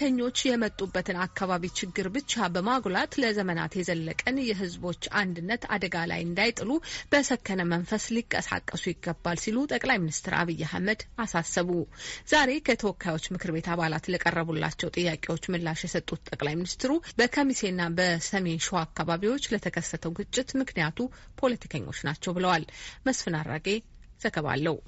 ስደተኞች የመጡበትን አካባቢ ችግር ብቻ በማጉላት ለዘመናት የዘለቀን የሕዝቦች አንድነት አደጋ ላይ እንዳይጥሉ በሰከነ መንፈስ ሊቀሳቀሱ ይገባል ሲሉ ጠቅላይ ሚኒስትር አብይ አህመድ አሳሰቡ። ዛሬ ከተወካዮች ምክር ቤት አባላት ለቀረቡላቸው ጥያቄዎች ምላሽ የሰጡት ጠቅላይ ሚኒስትሩ በከሚሴና በሰሜን ሸዋ አካባቢዎች ለተከሰተው ግጭት ምክንያቱ ፖለቲከኞች ናቸው ብለዋል። መስፍን አራጌ ዘገባ አለው።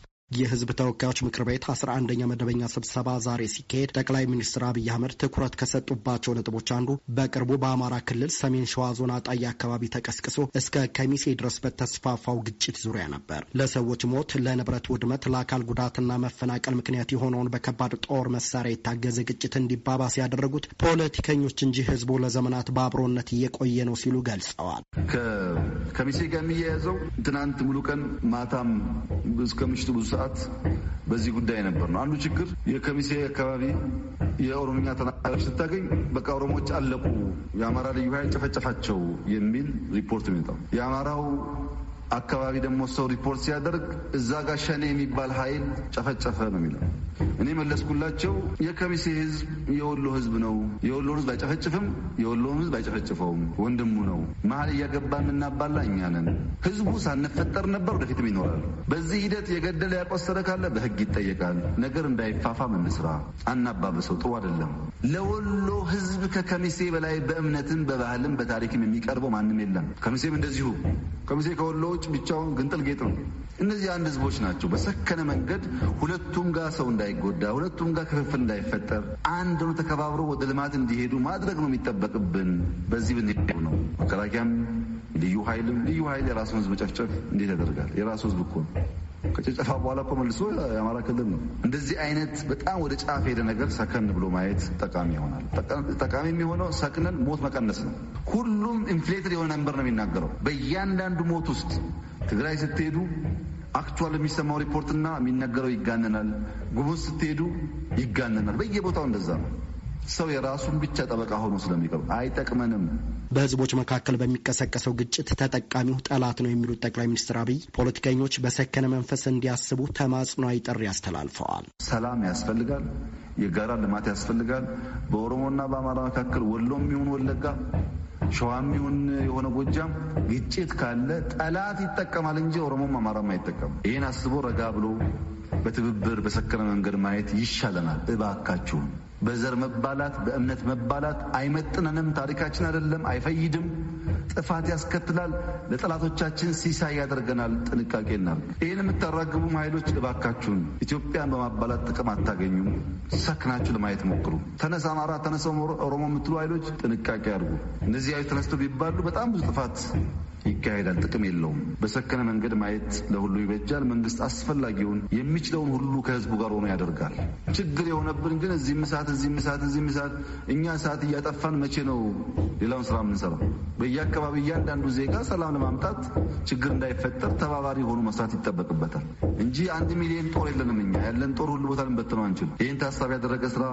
የህዝብ ተወካዮች ምክር ቤት አስራ አንደኛ መደበኛ ስብሰባ ዛሬ ሲካሄድ ጠቅላይ ሚኒስትር አብይ አህመድ ትኩረት ከሰጡባቸው ነጥቦች አንዱ በቅርቡ በአማራ ክልል ሰሜን ሸዋ ዞን አጣዬ አካባቢ ተቀስቅሶ እስከ ከሚሴ ድረስ በተስፋፋው ግጭት ዙሪያ ነበር። ለሰዎች ሞት፣ ለንብረት ውድመት፣ ለአካል ጉዳትና መፈናቀል ምክንያት የሆነውን በከባድ ጦር መሳሪያ የታገዘ ግጭት እንዲባባስ ያደረጉት ፖለቲከኞች እንጂ ህዝቡ ለዘመናት በአብሮነት እየቆየ ነው ሲሉ ገልጸዋል። ከሚሴ ጋር የሚያያዘው ትናንት ሙሉ ቀን ማታም እስከ ምሽቱ ብዙ ሰዓት በዚህ ጉዳይ ነበር ነው። አንዱ ችግር የከሚሴ አካባቢ የኦሮምኛ ተናጋሪዎች ስታገኝ በቃ ኦሮሞዎች አለቁ፣ የአማራ ልዩ ኃይል ጨፈጨፋቸው የሚል ሪፖርት የሚመጣው የአማራው አካባቢ ደግሞ ሰው ሪፖርት ሲያደርግ እዛ ጋር ሸኔ የሚባል ኃይል ጨፈጨፈ ነው የሚለው። እኔ መለስኩላቸው የከሚሴ ህዝብ የወሎ ህዝብ ነው። የወሎ ህዝብ አይጨፈጭፍም፣ የወሎ ህዝብ አይጨፈጭፈውም፣ ወንድሙ ነው። መሀል እያገባ የምናባላ እኛ ነን። ህዝቡ ሳንፈጠር ነበር፣ ወደፊትም ይኖራል። በዚህ ሂደት የገደለ ያቆሰረ ካለ በህግ ይጠየቃል። ነገር እንዳይፋፋም እንስራ፣ አናባብሰው፣ ጥሩ አይደለም። ለወሎ ህዝብ ከከሚሴ በላይ በእምነትም በባህልም በታሪክም የሚቀርበው ማንም የለም። ከሚሴም እንደዚሁ ከሚሴ ከወሎ ህዝቦች ብቻውን ግንጥል ጌጥ ነው። እነዚህ አንድ ህዝቦች ናቸው። በሰከነ መንገድ ሁለቱም ጋር ሰው እንዳይጎዳ፣ ሁለቱም ጋር ክፍፍል እንዳይፈጠር፣ አንድ ነው ተከባብሮ ወደ ልማት እንዲሄዱ ማድረግ ነው የሚጠበቅብን። በዚህ ብንሄዱ ነው መከላከያም ልዩ ኃይልም ልዩ ኃይል የራሱን ህዝብ መጨፍጨፍ እንዴት ያደርጋል? የራሱ ህዝብ እኮ ነው። ከጭፍጨፋ በኋላ እኮ መልሶ የአማራ ክልል ነው። እንደዚህ አይነት በጣም ወደ ጫፍ ሄደ ነገር ሰከን ብሎ ማየት ጠቃሚ ይሆናል። ጠቃሚ የሚሆነው ሰክነን ሞት መቀነስ ነው። ሁሉም ኢንፍሌትድ የሆነ ነንበር ነው የሚናገረው። በእያንዳንዱ ሞት ውስጥ ትግራይ ስትሄዱ አክቹዋል የሚሰማው ሪፖርትና የሚነገረው ይጋነናል። ጉሙዝ ስትሄዱ ይጋነናል። በየቦታው እንደዛ ነው። ሰው የራሱን ብቻ ጠበቃ ሆኖ ስለሚቀርብ አይጠቅመንም። በህዝቦች መካከል በሚቀሰቀሰው ግጭት ተጠቃሚው ጠላት ነው የሚሉት ጠቅላይ ሚኒስትር አብይ ፖለቲከኞች በሰከነ መንፈስ እንዲያስቡ ተማጽኗዊ ጥሪ አስተላልፈዋል። ሰላም ያስፈልጋል። የጋራ ልማት ያስፈልጋል። በኦሮሞና በአማራ መካከል ወሎም የሚሆን ወለጋ ሸዋም ይሁን የሆነ ጎጃም ግጭት ካለ ጠላት ይጠቀማል እንጂ ኦሮሞም አማራም አይጠቀም። ይህን አስቦ ረጋ ብሎ በትብብር በሰከነ መንገድ ማየት ይሻለናል። እባካችሁን በዘር መባላት፣ በእምነት መባላት አይመጥነንም። ታሪካችን አይደለም፣ አይፈይድም፣ ጥፋት ያስከትላል፣ ለጠላቶቻችን ሲሳይ ያደርገናል። ጥንቃቄ እናድርግ። ይህን የምታራግቡም ኃይሎች እባካችሁን ኢትዮጵያን በማባላት ጥቅም አታገኙም። ሰክናችሁ ለማየት ሞክሩ። ተነስ አማራ፣ ተነስ ኦሮሞ የምትሉ ኃይሎች ጥንቃቄ አድርጉ። እነዚህ ኃይሎች ተነስቶ ቢባሉ በጣም ብዙ ጥፋት ይካሄዳል። ጥቅም የለውም። በሰከነ መንገድ ማየት ለሁሉ ይበጃል። መንግስት አስፈላጊውን የሚችለውን ሁሉ ከህዝቡ ጋር ሆኖ ያደርጋል። ችግር የሆነብን ግን እዚህም እሳት፣ እዚህም እሳት፣ እዚህም እሳት እኛ እሳት እያጠፋን መቼ ነው ሌላውን ስራ የምንሰራው? በየአካባቢ እያንዳንዱ ዜጋ ሰላም ለማምጣት ችግር እንዳይፈጠር ተባባሪ ሆኖ መስራት ይጠበቅበታል እንጂ አንድ ሚሊዮን ጦር የለንም። እኛ ያለን ጦር ሁሉ ቦታ ልንበትነው አንችል። ይህን ታሳቢ ያደረገ ስራ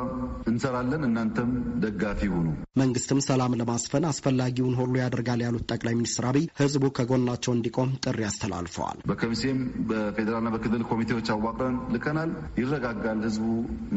እንሰራለን። እናንተም ደጋፊ ሁኑ። መንግስትም ሰላም ለማስፈን አስፈላጊውን ሁሉ ያደርጋል ያሉት ጠቅላይ ሚኒስትር አብይ ህዝቡ ከጎናቸው እንዲቆም ጥሪ አስተላልፈዋል። በከሚሴም በፌዴራልና በክልል ኮሚቴዎች አዋቅረን ልከናል። ይረጋጋል፣ ህዝቡ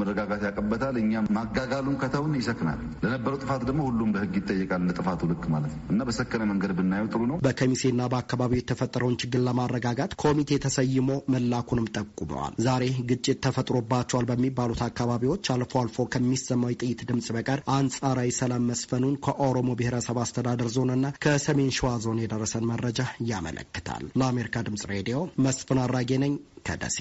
መረጋጋት ያቀበታል። እኛም ማጋጋሉን ከተውን ይሰክናል። ለነበረው ጥፋት ደግሞ ሁሉም በህግ ይጠየቃል። ለጥፋቱ ልክ ማለት ነው እና በሰከነ መንገድ ብናየው ጥሩ ነው። በከሚሴና በአካባቢው የተፈጠረውን ችግር ለማረጋጋት ኮሚቴ ተሰይሞ መላኩንም ጠቁመዋል። ዛሬ ግጭት ተፈጥሮባቸዋል በሚባሉት አካባቢዎች አልፎ አልፎ ከሚሰማው የጥይት ድምጽ በቀር አንጻራዊ ሰላም መስፈኑን ከኦሮሞ ብሔረሰብ አስተዳደር ዞንና ከሰሜን ሸዋ ዞን የደረሰ የደረሰን መረጃ ያመለክታል። ለአሜሪካ ድምጽ ሬዲዮ መስፍን አራጌ ነኝ ከደሴ